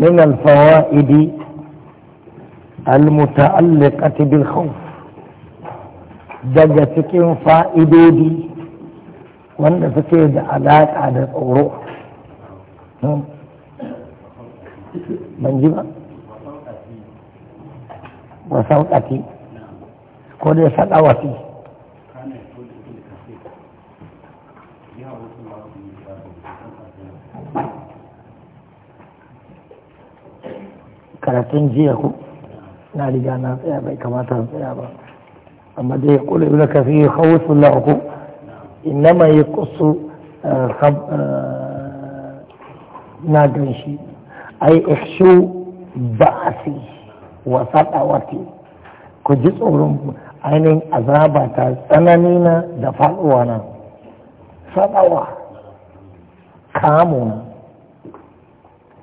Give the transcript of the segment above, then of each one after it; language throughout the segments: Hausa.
من الفوائد المتعلقة بالخوف دجت كم فائدودي وانا فكيد علاق على الأوروح من نعم. جبا وصوتتي نعم. وصوتتي كل سلواتي karatun jiya ku na riga na tsaya bai kamata na tsaya ba amma dai ya kula ibn kafi khawfu ma ya kusu na ganshi ai ikhshu wasa wa sadawati ku ji tsoron ainihin azaba ta tsanani na da faɗuwa na sadawa kamun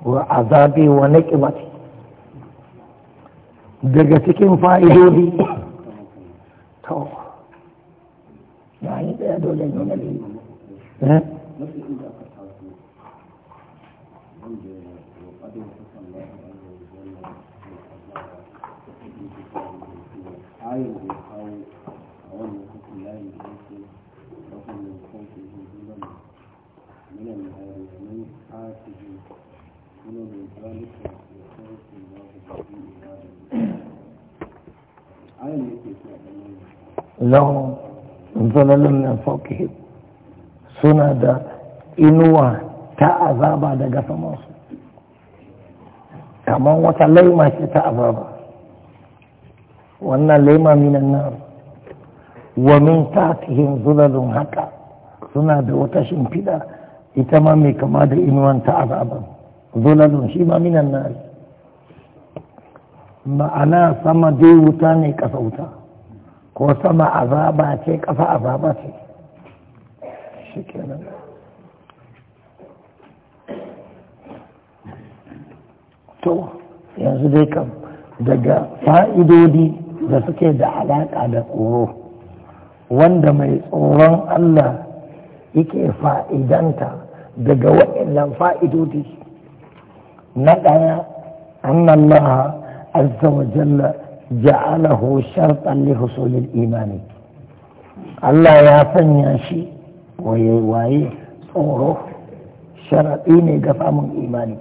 wa azabi wa niqmati daga cikin fa'idodi to ya yi ɗaya dole ne lahum zulalun min fawqihim suna da inuwa ta azaba daga su kamar wata laima ce ta azaba wannan laima minan nar wa min tatihim zulalun haka suna da wata shimfiɗa ita ma mai kama da inuwan ta azaban zulalun shi ma minan nar ma'ana sama dai wuta ne ƙasa wuta ko sama azaba ce kafa azaba ce shi kenan to yanzu dai kam daga fa'idodi da suke da alaƙa da tsoro wanda mai tsoron Allah yake fa'idanta daga waɗannan fa'idodi na ɗaya annallaha azza wa jalla ja'alahu shartan li husulil imani Allah ya sanya shi waye waye tsoro sharaɗi ne ga samun imani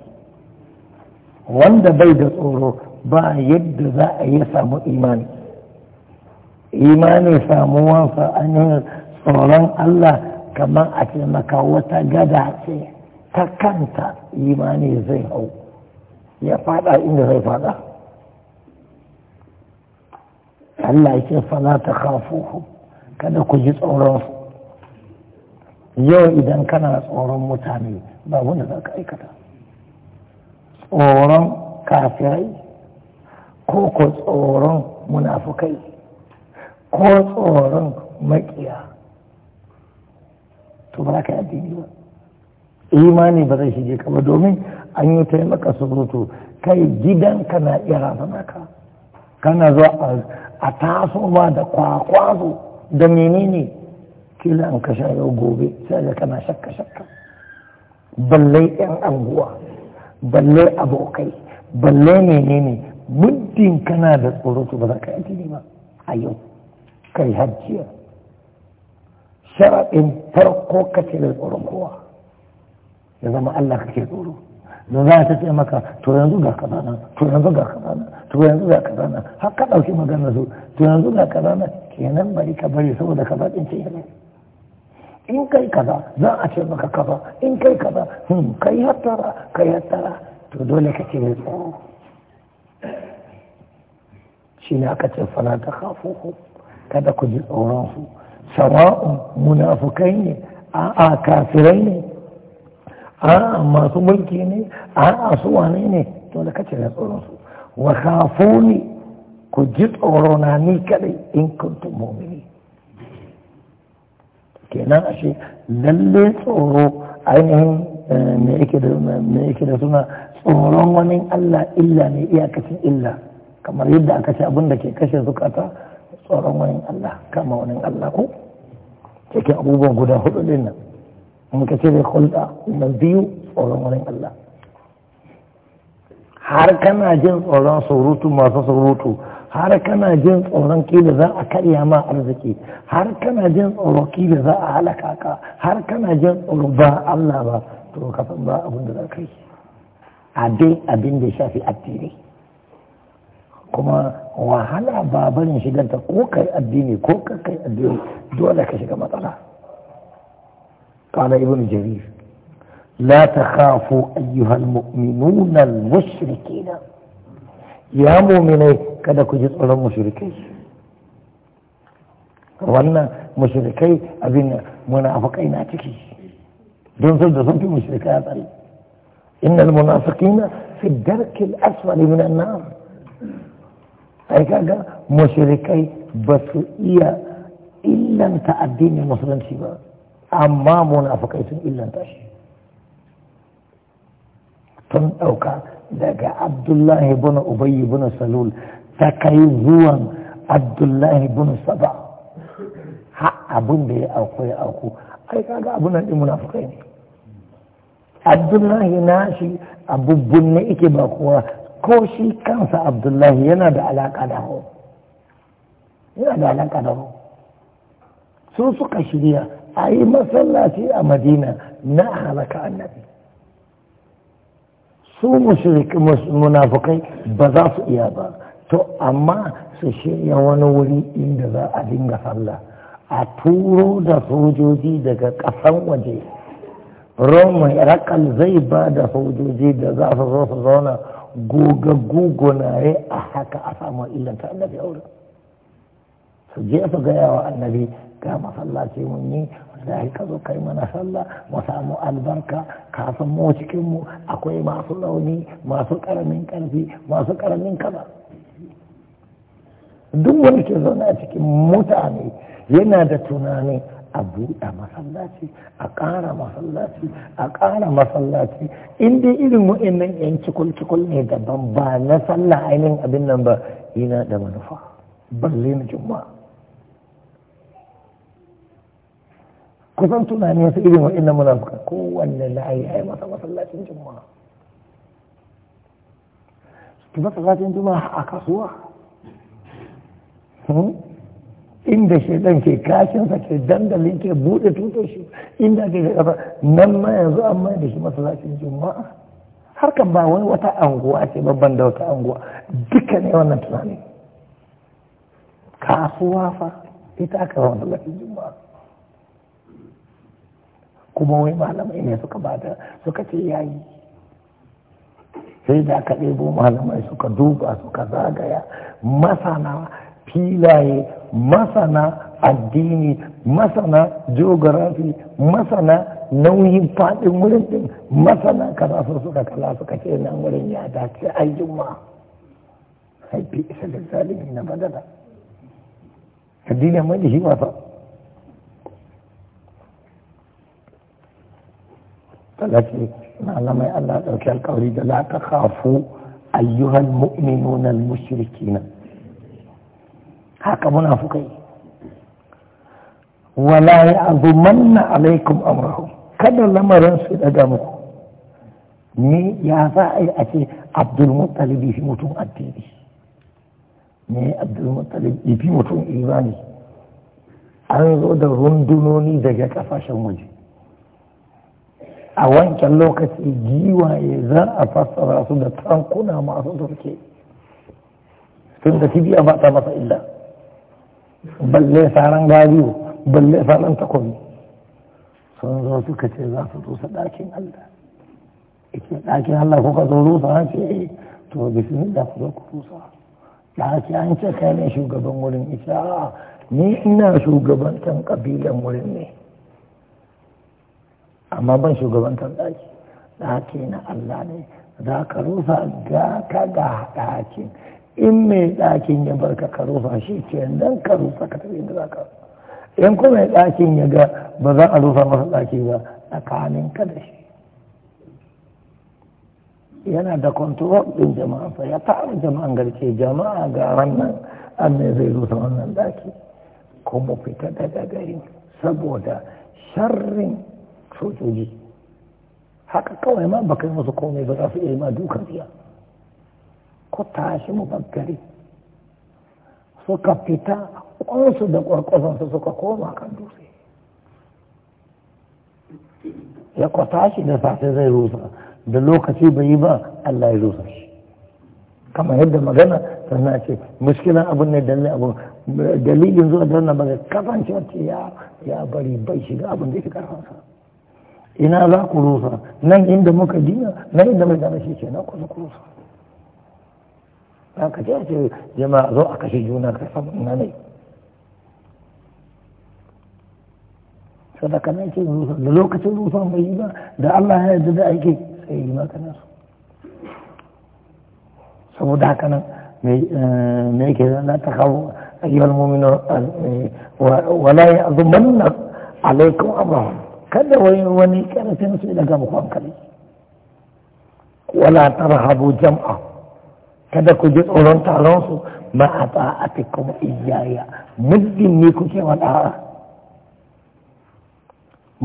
wanda bai da tsoro ba yadda za a yi samu imani imani samuwansa ainihin tsoron Allah kamar a ce maka wata gada ce ta kanta imani zai hau ya fada inda zai fada Allah ya fa fala ta khafuhu kada ku ji tsoron yau idan kana tsoron mutane ba wanda za ka aikata tsoron kafirai ko ko tsoron munafukai ko tsoron makiya to ba ka yi ba imani ba zai shige ka ba domin an yi taimaka surutu kai gidanka na iya rafa maka kana zuwa a taso ma da kwakwazo da menene kila an ka sha yau gobe sai kana shakka shakka balle yan anguwa balle abokai balle menene muddin kana da tsoro to ba za ka yi ba a yau kai hajjiya sharaɗin farko ce da tsoron kowa ya zama Allah kake tsoro don za ta ce maka to yanzu ga kaza to yanzu ga kaza to yanzu ga kaza nan har ka dauki magana su to yanzu ga kaza kenan bari ka bari saboda kaza din ce yana in kai kaza za a ce maka kaza in kai kaza hmm kai hattara kai hattara to dole ka ce mai tsoro shi ne aka ce fala ta kafu kada ku ji tsoron su sawa'un munafukai ne a'a kafirai ne a masu mulki ne a su wane ne to da kace na tsoron su wa khafuni ku ji tsoro na ni kadai in kuntum mu'mini kenan ashe lalle tsoro ainihin eh, me yake da me yake da suna tsoron wani Allah illa ne iyakacin illa kamar yadda aka ce abin da ke kashe zukata tsoron wani Allah kama wani Allah ko cikin abubuwan guda hudu din nan in ka ce mai hulɗa na biyu tsoron wani Allah har kana jin tsoron surutu masu surutu har kana jin tsoron kila za a karya ma arziki har kana jin tsoro kila za a halaka ka har kana jin tsoron ba Allah ba to ka san ba abin da za yi a dai abin da shafi addini kuma wahala ba barin shigar ta ko kai addini ko ka kai addini dole ka shiga matsala قال ابن جرير لا تخافوا أيها المؤمنون المشركين يا مؤمني كذا كجد على المشركين وانا مشركي ابن منافقين اتكي دون سلطة سلطة مشركات ان المنافقين في الدرك الاسفل من النار اي كاقا مشركي بس ايا الا انت ادين المصرين شباب amma munafukai sun illanta shi tun ɗauka daga abdullahi bin ubayi bin salul ta kai zuwan abdullahi bin saba ha abin da ya auku ya auku ai kaga abin nan din munafukai ne abdullahi na shi abubbun ne ike ba kowa ko shi kansa abdullahi yana da alaƙa da hau yana da alaƙa da hau su suka shirya a yi masallaci a madina na halaka annabi su munafukai ba za su iya ba to amma su shirya wani wuri inda za a dinga sallah a turo da sojoji daga ƙasan waje roman irakal zai ba da sojoji da za su zo su zauna gogaggu gonare a haka a samu illanta annabi aure su je su gaya wa annabi ga masallaci mun yi sai ka zo kai mana sallah mu samu albarka kafin mu cikin mu akwai masu launi masu karamin karfi masu karamin kaba. duk wanda ke zaune a cikin mutane yana da tunani a buɗe masallaci a ƙara masallaci a ƙara masallaci in dai irin wa'annan yan cikul-cikul ne daban ba na sallah ainihin abin nan ba yana da manufa balle na juma'a kusan tunani su irin muna munafuka kowanne la'ayi ai masa masallacin juma'a su ki masallacin juma'a a kasuwa hmm? inda shi dan ke kashin sa ke dandalin ke bude tutar shi inda ke kasa nan ma yanzu an mai da shi masallacin juma'a harkan ba wani wata anguwa ce babban da wata anguwa duka ne wannan tunani kasuwa fa ita aka masallacin juma'a kuma wai malamai ne suka bada suka ce yayi sai da aka ɗebo malamai suka duba suka zagaya masana filaye masana addini masana geography masana nauyin faɗin wurin ɗin masana kaza su suka kala suka ce nan wurin ya dace ai haifi isa da zalimi na badala addini mai da shi wasa talaki malamai Allah ɗauki alƙawari da za ka khafu ayyuhan mu'minun al-mushrikin haka munafukai wala ya'zumanna alaikum amrahum kada lamarin su daga muku ne ya za a yi a ce abdul muttalib fi mutum addini ne abdul muttalib fi mutum imani an zo da rundunoni daga kasashen waje a wancan lokaci giwaye za a fassara su da tankuna masu turke tun da kibiya ba ta masa illa balle saran gariyo balle saran takobi sun zo suka ce za su rusa ɗakin Allah ike ɗakin Allah kuka zo rusa ha ce eh, to bismillah ku zo ku rusa ɗaki an ce kai ne shugaban wurin ita ni ina shugabantan ƙabilan wurin ne amma ban shugabantar ɗaki ɗaki na Allah ne za ka rufa za ka ga ɗakin in mai ɗakin ya barka ka rufa shi ke nan ka rufa ka tafi da za ka in kuma mai ɗakin ya ga ba za a rufa masa ɗaki ba tsakanin ka da shi yana da kwantuwar ɗin jama'a fa ya fara jama'an garke jama'a ga wannan an ne zai rusa wannan ɗaki kuma fita daga gari saboda sharrin Sojoji haka kawai ma bakai masu masu komai ba za su iya ma dukan biya ko tashi mu baggare suka fita ƙwansu da ƙwarƙwasansu suka koma kan dutse ya ko tashi da safe zai rusa da lokaci bai yi ba Allah ya rusa shi kamar yadda magana sannan ce muskilan abin ne dalilin abin dalilin zuwa dalilin magana kasancewa ce ya bari bai shiga abin da ya fi karfansa ina za ku rusa nan inda muka jiya nan inda mai gane shi ke nan ku zuku rusa ka ce ce jama'a zo a kashe juna ka samu ina ne sadaka nan ce rusa da lokacin rusa bai yi ba da Allah ya yarda da aiki sai yi maka nasu saboda haka nan me ke zana ta kawo ayyuhal mu'minu eh, wala ya'zumanna alaikum amrahum كذا ويوني كانت نسوي لك مقام كلي ولا ترهبوا جمعة كذا كجد أولون تعلونسوا ما أطاعتكم إيايا مدين ميكو كيوان آه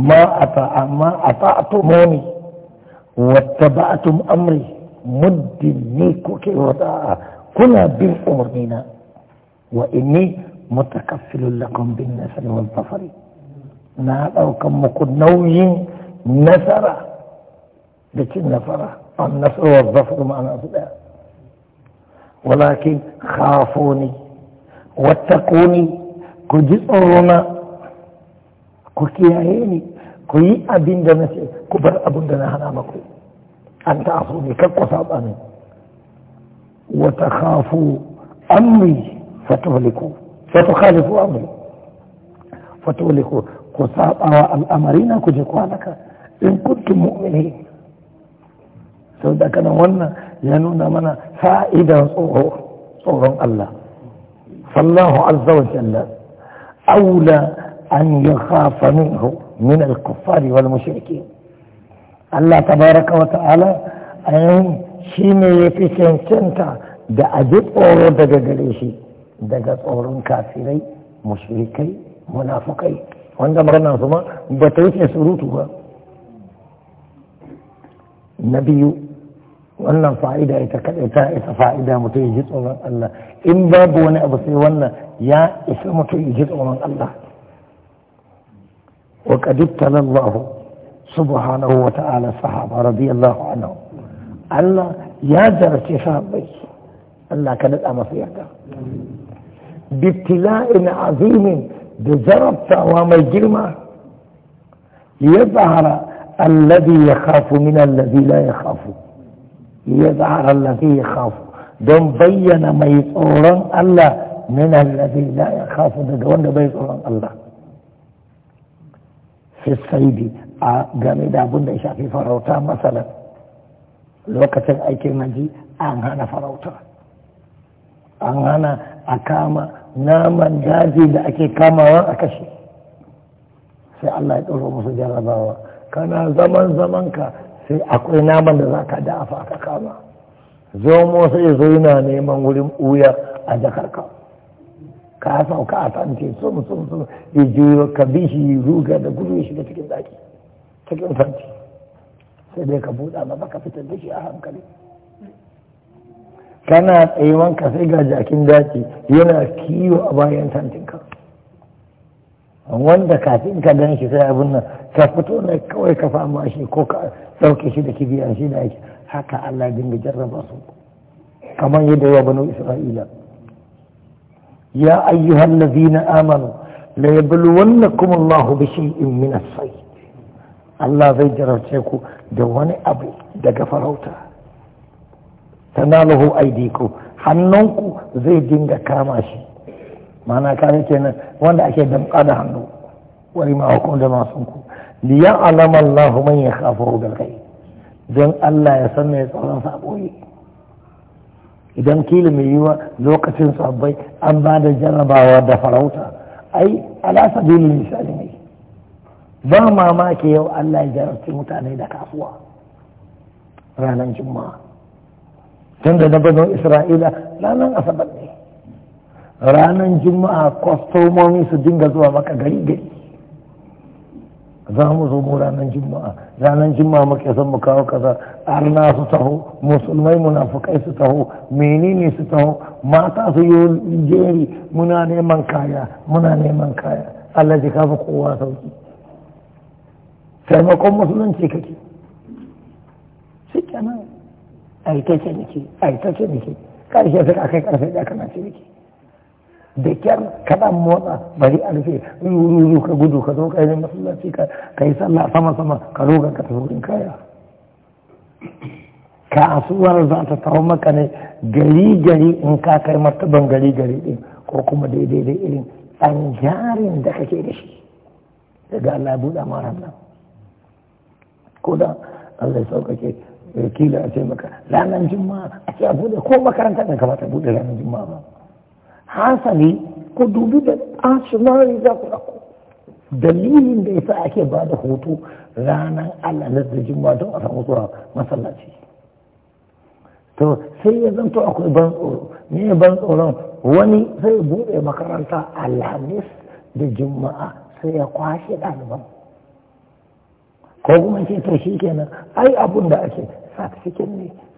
ما أطاع ما أطاعتموني واتبعتم أمري مدين ميكو كيوان آه كنا بالأمر وإني متكفل لكم بالنسل والظفرين na ɗaukan muku nauyin nasara da cin nasara an nasarar zafar ma'ana su ɗaya walakin khafoni wattakoni ku ji tsorona ku kiyaye ni ku yi abin da na ce ku bar abin da na hana maku an ta aso ne kakku saba ne wata khafu amri fatuhaliku fatuhalifu amri fatulihu ku saba wa al'amari ku je kwanaka in kuntum mu'mini sau da kanan wannan ya nuna mana fa'idan tsoron Allah sallahu azza wa jalla aula an yi khafa minhu min al-kuffari wal mushriki Allah tabaraka wa ta'ala ayin shi ne ya fi cancanta da aji tsoro daga gare shi daga tsoron kafirai mushrikai منافقي وان ده مرنا ثم بتريت سروته بقى النبي وان فائدة يتكلم فائدة متيجد من الله ان باب وانا ابصي وان يا اسم متيجد من الله وقد ابتلى الله سبحانه وتعالى صحابه رضي الله عنه الله يا جرتي صحابي الله كانت امسيحك بابتلاء عظيم da jarabtawa mai girma ya zahara allazi ya khafu min allazi la ya khafu ya zahara allazi ya khafu don bayyana mai tsoron Allah min allazi la ya khafu daga wanda bai tsoron Allah fi saidi a game da abin da ya shafi farauta masalan lokacin aikin maji an hana farauta an hana a kama naman daji da ake kamawa a kashe sai Allah ya ɗoro musu jarrabawa kana zaman zamanka sai akwai naman da za ka dafa aka kama zomo sai zo yana neman wurin uya a jakarka ka sauka a tanti sun sun sun ya juyo ka bi shi ruga da gudu shi da cikin daki cikin tanti sai dai ka buɗa ba ka fitar da shi a hankali kana ka sai ga jakin daji yana kiwo a bayan santinka wanda kafin ka gan shi sai abin nan ka fito ne kawai ka fama shi ko ka sauke shi da kibiyan shi da yake haka Allah dinga jarraba su kamar yadda ya banu Isra'ila ya ayyuhan lazina amanu la yabluwannakum Allah bi shay'in min as-sayd Allah zai jarabce ku da wani abu daga farauta tanaluhu aidiku hannunku zai dinga kama shi mana kare kenan wanda ake damƙa da hannu wani ma hukum da masunku liyan alama Allah man ya kafa bil kai don Allah ya san mai tsoron saboyi idan kila mai yiwa lokacin sabbai an ba da jarabawa da farauta ai ala sabili misali ne ba mamaki yau Allah ya jarabci mutane da kasuwa ranar juma'a tun da na banon isra'ila ranar asabar ne ranar juma'a kwastomomi su dinga zuwa maka gari gari za mu zo mu ranar juma'a ranan juma'a muke son mu kawo kaza arna su taho musulmai munafukai su taho menene su taho mata su yi jeri muna neman kaya muna neman kaya Allah ji kafa kowa sauki taimakon musulunci kake shi kenan a yi ta ciniki kai da kana da kyar kaɗan motsa bari a rufe ruru ka gudu ka zo kai masallaci ka yi sallah sama sama ka roga ka tafi wurin kaya kasuwar za ta tawo maka ne gari gari in ka kai martaban gari gari din ko kuma daidai da irin ɗan jarin da kake da shi daga Allah ya buɗa mara nan ko da Allah ya sauƙaƙe kila a ce maka ranar juma'a a ce a bude ko makaranta da kamata bude ranar juma'a ba hasali ko dubi da ashinari za ku ɗauko dalilin da yasa ake ba da hoto ranar alalar da juma'a don a samu zuwa masallaci to sai ya zanto akwai ban tsoro ne ban tsoron wani sai bude makaranta alhamis da juma'a sai ya kwashe ɗaliban ko kuma ce to shi kenan ai abun da ake cikin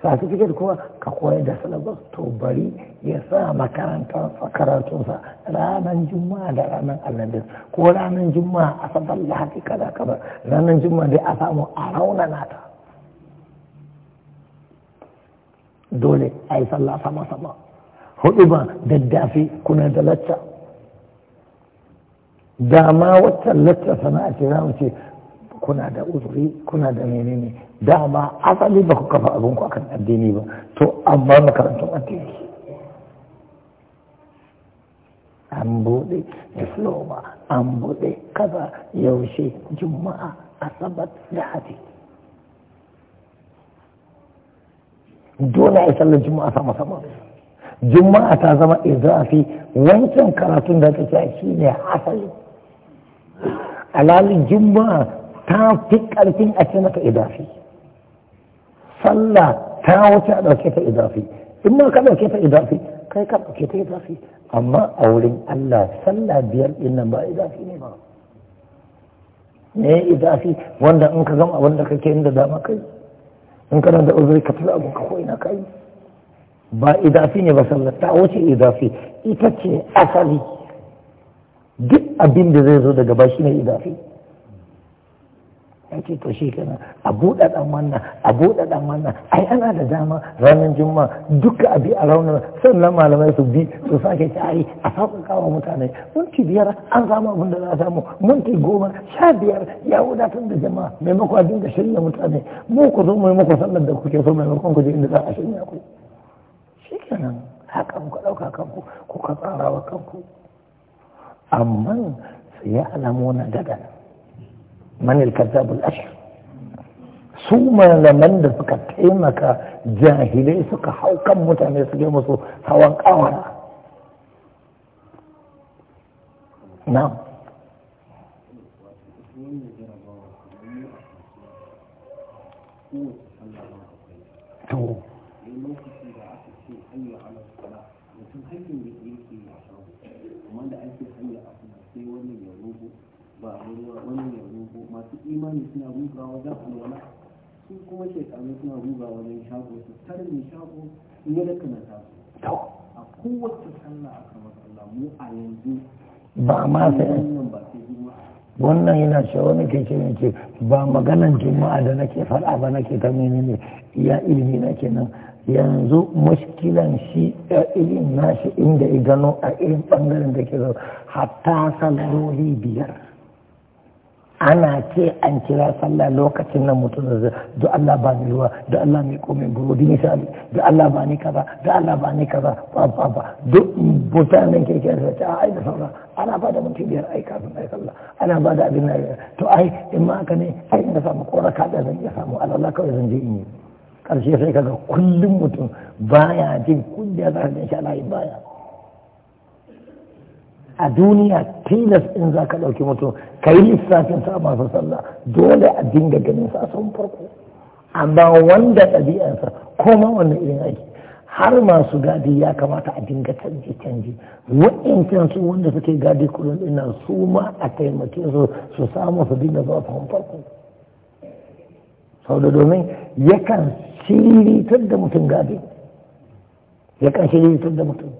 ne cikin kuma ka koyar da salabar to bari ya sa makarantar karatunsa ranar juma'a da ranar alhamis ko ranar juma'a a sabar lahadi kada kabar ranar juma'a dai a samu a raunana nata dole a yi sallah sama sama hudu ba daddafi kuna da lacca dama waccan lacca sana'a ce za mu ce kuna da uzuri kuna da menene dama asali ba ku kafa abinku akan addini ba to an ba makarantun addini an buɗe diploma an buɗe kaza yaushe juma'a asabar lahadi dole a sallar juma'a sama sama juma'a ta zama izafi wancan karatun da kake shi ne asali alalin juma'a ta fi karfin a ce maka idafi sallah ta wuce a ɗauke ta idafi in ma ka ɗauke ta idafi kai ka ɗauke ta idafi amma a wurin Allah sallah biyar ɗin nan ba idafi ne ba me idafi wanda in ka gama abin da kake inda dama kai in kana da uzuri ka tura abin ka ko ina kai ba idafi ne ba sallah ta wuce idafi ita ce asali duk abin da zai zo daga ba shi ne idafi a ce to shi kenan a buɗe ɗan wannan a buɗe ɗan wannan ai ana da dama ranar juma duka abi a raunar sannan malamai su bi su sake a yi a sauka kawo mutane minti biyar an samu abin da za a samu minti goma sha biyar ya wadatar da jama'a maimakon a dinga shirya mutane mu ku zo maimakon sallar da kuke so maimakon ku je inda za a shirya ku shi kenan hakan ku ɗauka kanku ku ka tsara wa kanku amma sai ya alamuna daga nan من الكذاب الأشهر ثم لمن سك تيمك جاهلي سك حوكم متعني سك مصر حوك نعم تو imani suna guga wajen alwala su kuma shekaru suna guga wajen shago su tarni shago ne da kuma shago a kowace sallah a kamar Allah mu a yanzu ba ma sai wannan ba sai wannan yana cewa wani ke ce ce ba maganan juma'a da nake faɗa ba nake ta ne ya ilimi na kenan yanzu mashkilan shi ya ilimin nashi inda ya gano a irin bangaren da ke zo hatta salloli biyar ana ce an kira sallah lokacin nan mutum da da Allah ba ni ruwa da Allah mai komai burodi misali da Allah ba ni kaza da Allah ba ni kaza ba ba ba duk mutanen ke kira da ah, ai da sallah ana ba da mutum biyar ai kafin ai sallah ana ba da abin nan to ai in ma aka ne ai na samu koraka da zan iya samu Allah kawai zan je in yi karshe sai kaga kullum mutum baya jin kunya za ka ga shi Allah baya a duniya tilas in za ka ɗauki mutum ka yi lissafin sa masu sallah dole a dinga ganin sa a sun farko amma wanda ɗabi'ansa ko ma wannan irin aiki har masu gadi ya kamata a dinga canji canji wa'incan su wanda suke gadi kullum ina su ma a taimake su su samu su dinga zuwa sun farko sau da domin yakan shiritar da mutum gadi yakan shiritar da mutum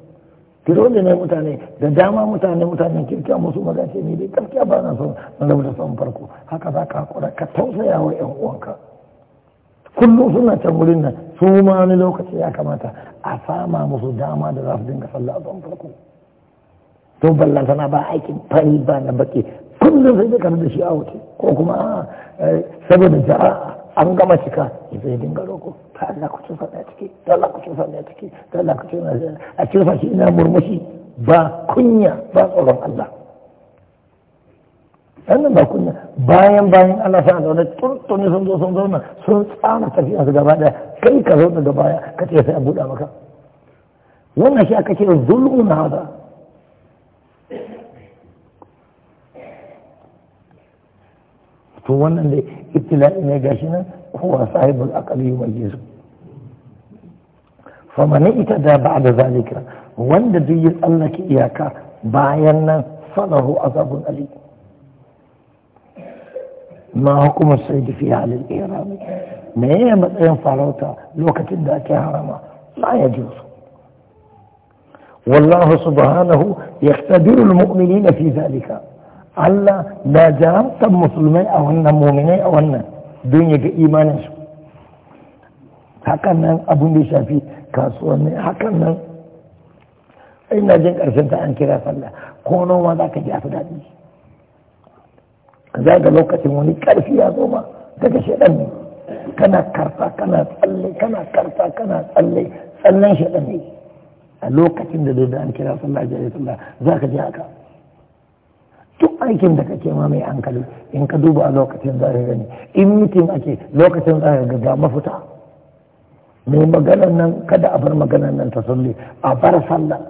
kiro da mutane da dama mutane mutane kirkiya musu magance ne ni dai gaskiya ba na son na rabu da son farko haka za ka hakura ka tausaya wa yan uwanka kullum suna can wurin nan su ma wani lokaci ya kamata a sama musu dama da za su dinga sallah a son farko to ballan sana ba aikin fari ba na baki kullum sai da da shi a wuce ko kuma eh, saboda ja'a an gama cika zai dinga roƙo ta Allah ku tufa ne ciki ta Allah ku tufa ne ciki ta Allah ku cusa ne a tufa shi ina murmushi ba kunya ba tsoron Allah wannan ba kunya bayan bayan Allah sa da wani turtuni sun zo sun zo na, sun tsara tafiya su gaba daya kai ka zo daga baya ka ce sai a buɗa maka wannan shi aka ce na hada هو الذي ابتلاء نجاشنا هو صاحب الأقل يميزه فمن اتدى بعد ذلك والذي أنك إياك باينا فله عذاب أليم ما حكم السيد في أهل الإيرام ما يمت أن فعلوتا لو كتدى كهرما لا يجوز والله سبحانه يختبر المؤمنين في ذلك Allah na jarabtar musulmai a wannan muminai a wannan don ya ga imaninsu hakan nan abin da ya shafi kasuwanni hakan nan ina jin karshen ta an kira sallah ko noma za ka ji a daɗi za ga lokacin wani ƙarfi ya zo ma daga shaɗan ne kana karfa kana tsalle kana karfa kana tsalle tsallen shaɗan ne a lokacin da da an kira sallah jari sallah za ka ji haka aikin da kake ma mai hankali in ka duba a lokacin za ka gani in mutum ake lokacin za ga mafita mai maganar nan kada a bar maganar nan ta sulli a bar sallah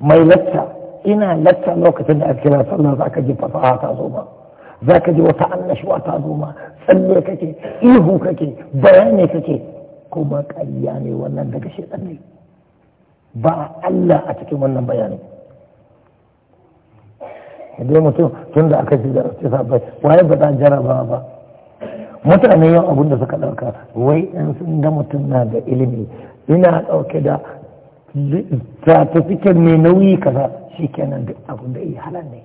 mai latta ina latta lokacin da ake sallah za ka ji fasaha ta zo ma za ka ji wata annashuwa ta zo ma tsalle kake ihu kake bayani kake kuma ƙarya ne wannan daga shi ne ba Allah a cikin wannan bayanin dai mutum tun da aka shiga ce sabai waye ba za jarabawa ba mutane yau abin da suka ɗauka wai in sun ga mutum na da ilimi ina ɗauke da certificate mai nauyi kaza shi kenan duk abin da iya halar ne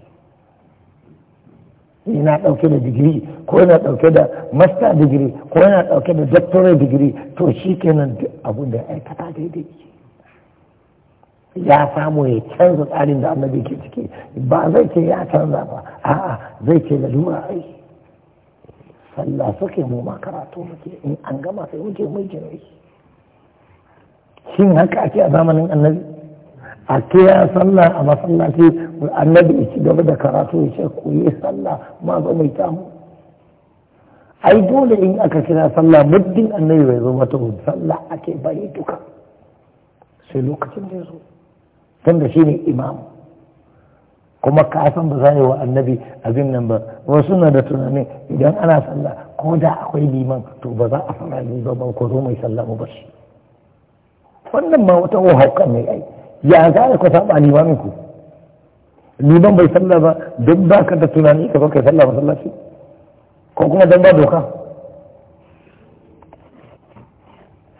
ina dauke da digiri ko ina dauke da master digiri ko yana dauke da doctorate digiri to shikenan kenan duk abin da aikata daidai ya samu ya canza tsarin da annabi ke ciki ba zai ce ya canza ba a'a zai ce lalura ai sallah suke mu ma karatu muke in an gama sai muke mai jinai shin haka ake a zamanin annabi a ya sallah a masallaci annabi ya ci gaba da karatu ya ce ku yi sallah ma zo mai tamu ai dole in aka kira sallah muddin annabi bai zo mata sallah ake bari duka sai lokacin da ya zo tunda shi ne imam kuma kafin ba za wa annabi abin nan ba wasu na da tunanin idan ana sallah ko da akwai liman to ba za a fara liman ba ko zo mai sallah ba shi wannan ma wata haukan ne ai ya za ku saba limamin ku liman bai sallah ba don ka da tunani ka zo kai sallah masallaci ko kuma don ba doka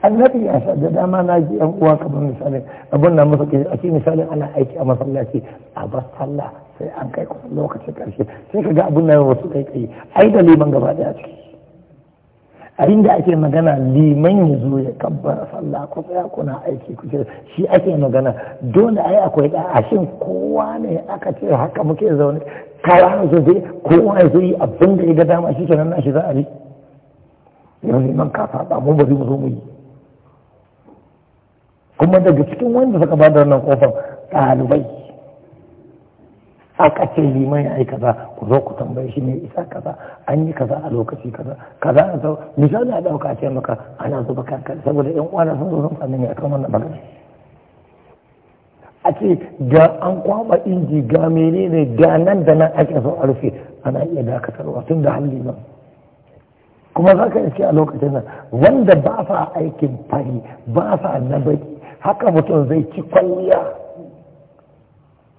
annabi ya sa da dama na ji yan uwa kamar misalin abin da musu a ce misalin ana aiki a masallaci a bar sallah sai an kai kusan lokacin karshe sai ka ga abin da wasu kai kai ai da liman gaba daya ciki a inda ake magana liman ya zo ya kabbara sallah ko tsaya kuna aiki ku shi ake magana dole ai akwai da a shin kowa ne aka ce haka muke zaune kara zo dai kowa ya zo abin da ya ga dama shi kenan na shi za a yi yanzu liman ka faɗa mu ba zai mu zo mu yi kuma daga cikin wanda suka ba da wannan kofar ɗalibai aka ce liman ya kaza ku zo ku tambaye shi ne isa kaza an yi kaza a lokaci kaza kaza a sau misali a ɗauka ce maka ana zuba kanka saboda yan uwa sun zo sun sami ne kan wannan magana a ce ga an kwaba inji ga menene ga nan da nan ake so a rufe ana iya dakatarwa tun da halli ba kuma za ka iske a lokacin nan wanda ba sa aikin fari ba sa na baki haka mutum zai ci kwalliya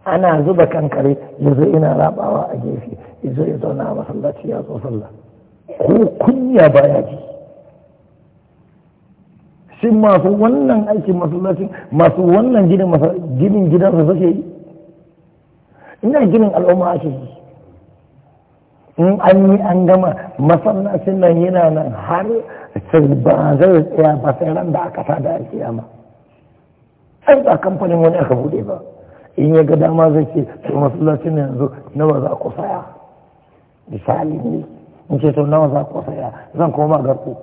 ana zuba kankare yanzu ina rabawa a gefe yanzu ya zauna a masallaci ya zo sallah ko kunya baya ji sun masu wannan aikin masallacin masu wannan ginin gidansa suke yi ina ginin al'umma ake yi in an yi an gama masallacin nan yana nan har sai ba zai tsaya ba sai ran da aka sada a kiyama ai ba kamfanin wani aka bude ba in ya ga dama zai ce to masallacin yanzu nawa za ku saya misali ne in ce to nawa za ku saya zan koma garku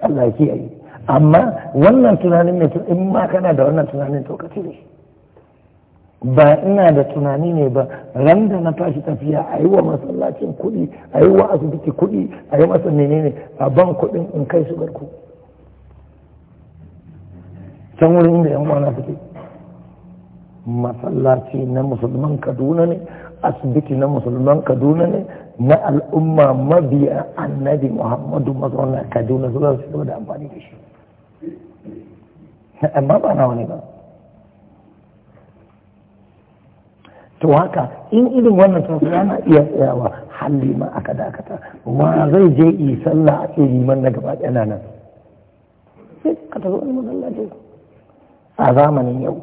Allah ya kiyaye amma wannan tunanin mai in ma kana da wannan tunanin to ka cire ba ina da tunani ne ba randa na tashi tafiya a yi wa masallacin kuɗi a yi wa asibiti kuɗi a yi masa menene a ban kuɗin in kai su garku can wurin inda yan suke masallaci na musulman kaduna ne asibiti na musulman kaduna ne na al'umma mabiya annabi muhammadu mazauna kaduna zuwa su da amfani da shi amma ba na wani ba to haka in irin wannan sun yana iya tsayawa halli ma aka dakata wa zai je yi sallah a ce liman na gaba ɗaya nan sai ka wani masallaci a zamanin yau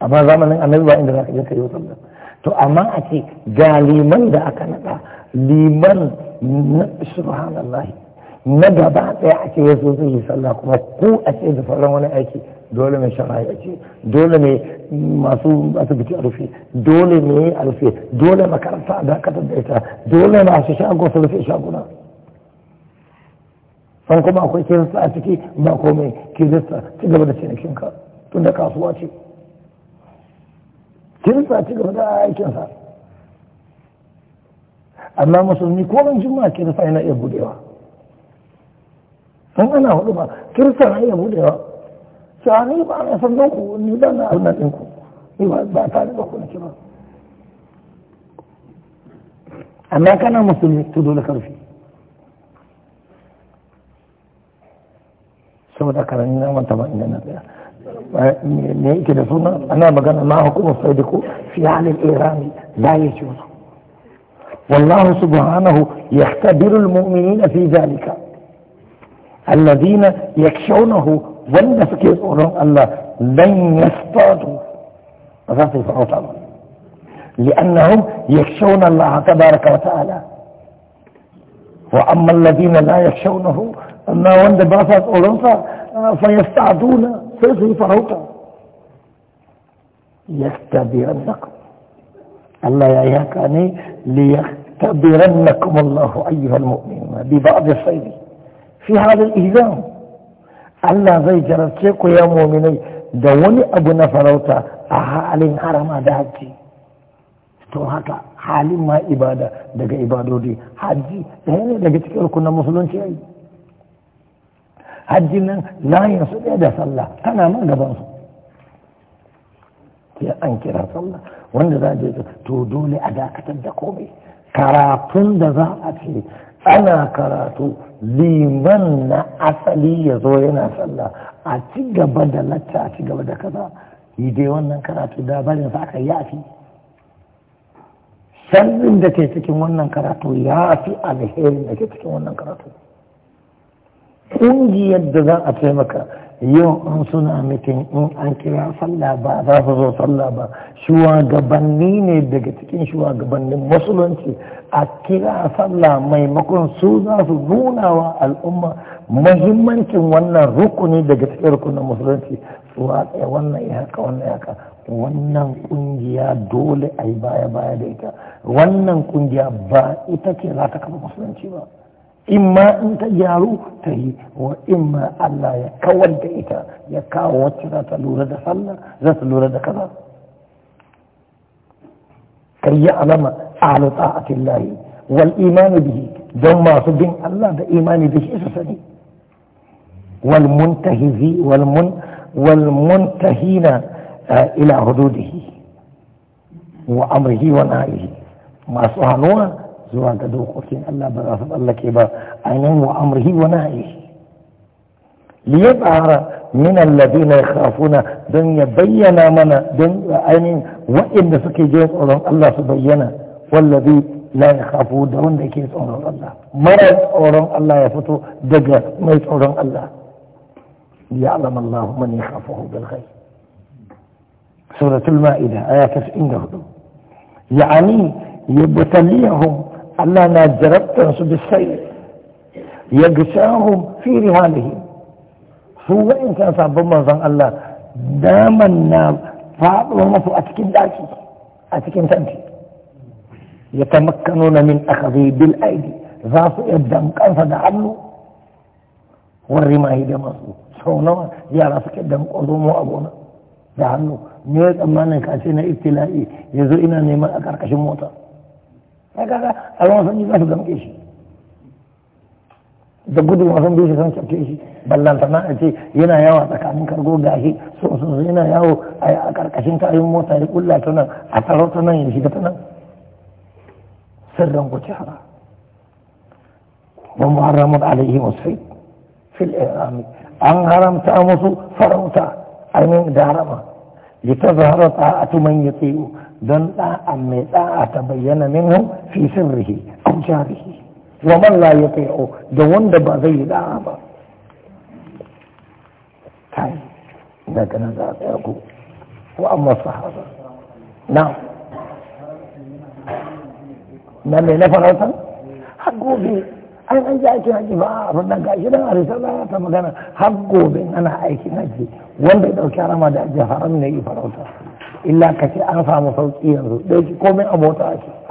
amma zamanin annabi ba inda za ka je ka yi sallah to amma a ce ga liman da aka naɗa liman na subhanallah na gaba ɗaya a ce ya so zai yi sallah kuma ku a ce da faran wani aiki dole ne shara'i a ce dole ne masu asibiti a rufe dole ne a rufe dole makaranta a dakatar da ita dole masu shago su rufe shaguna san kuma akwai kirista a ciki ba komai kirista ci gaba da cinikin ka. tunda kasuwa ce kirista ci gaba da aikinsa amma musulmi ko ban jima'a kirista yana iya budewa sun ana hudu ba kirista na iya budewa cewa ni ba na san ku ni ba na abin nan ku ni ba ba tare da ku nake ba amma kana musulmi to dole karfi saboda karanin na wata ba inda na tsaya me yake da suna ana magana ma hukumar sadiku fi halin irani la ya ce والله سبحانه يختبر المؤمنين في ذلك الذين يكشونه wanda suke tsoron Allah lan yastatu ba za su yi farauta ba li'annahum yakshawna Allah tabaraka wa ta'ala wa amma alladhina la yakshawnahu amma wanda ba sa tsoron sa fa yastaduna sai su yi farauta Allah ya yi haka ne liyastabiran nakum Allah ayyuhal mu'minuna bi ba'd as fi Allah zai jarabce ku ya mu'minai da wani abu na farauta a halin harama da hajji to haka halin ma ibada daga ibadodi hajji ɗaya ne daga cikin rukunan musulunci yayi hajji nan layin su ɗaya da sallah tana ma gaban su ya an kira sallah wanda za a to dole a dakatar da komai karatun da za a ce ana karatu liman na asali ya zo yana sallah a ci gaba da lacca a ci gaba da kaza yi dai wannan karatu da barin sa aka yafi sharrin da ke cikin wannan karatu ya fi alherin da ke cikin wannan karatu ƙungiyar da za a taimaka yau an suna mitin in an kira sallah ba za su zo sallah ba shugabanni ne daga cikin shugabannin musulunci a kira sallah maimakon su za su nuna wa al'umma muhimmancin wannan rukuni daga cikin rukunin musulunci su watsa wannan ya haka wannan ya haka wannan kungiya dole a yi baya baya da ita wannan kungiya ba ita ce za ta kafa musulunci ba in ma in ta gyaru ta yi wa in ma Allah ya kawar da ita ya kawo wacce za ta lura da sallah za ta lura da kaza kai alama ahlu ta'atillahi wal imani bihi don masu bin Allah da imani da shi su sani wal muntahizi wal mun wal muntahina ila hududihi wa amrihi wa nahihi masu hanuwa زواج دو قرتين ألا بغافظ لك إبا عينين وأمره ونائه ليبعر من الذين يخافون دن يبين من دن عينين وإن سكي جيس أولهم الله سبينا والذي لا يخافوا دون ذكيس أولهم الله مرض أولهم الله يفتو دقى ميت أولهم الله ليعلم الله من يخافه بالغير سورة المائدة آيات عندهم يعني يبتليهم Allah na jarabtar su bisai ya gishahun fi rihalihim su kan sabon manzon Allah daman na faɗo masu a cikin daki a cikin tanti ya tamakkano na min akhazi bil aidi za su iya dankansa da hannu wani ma da masu sau nawa yara suke danko zomo a gona da hannu ne ya tsammanin kace na ibtila'i ya zo ina neman a ƙarƙashin mota ya kaga a ruwan sanyi za su zamke shi da gudun wasan bai shi san cafke shi ballanta na a ce yana yawa tsakanin kargo gashi so so yana yawo a karkashin tayin mota ya kulla ta nan a tsaro ta nan ya shiga ta nan sirran ku cara wa muharramun alaihi wasai fil irami an haramta musu farauta ainihin da harama yi ta zahara ta tuman ya tsayo don ɗa'an mai ɗa'a ta bayyana min hau fi sin rihi an ja la ya tsayo da wanda ba zai yi ɗa'a ba kai na ganin za ko an masu hada na na mai na farautar har gobe ai an ji aikin haji ba abin don gashi dan da ta magana har gobe ana aikin haji wanda ya dauki harama da haram ne yi farauta illa ka ce an samu sauki yanzu ɗauki komai a mota ake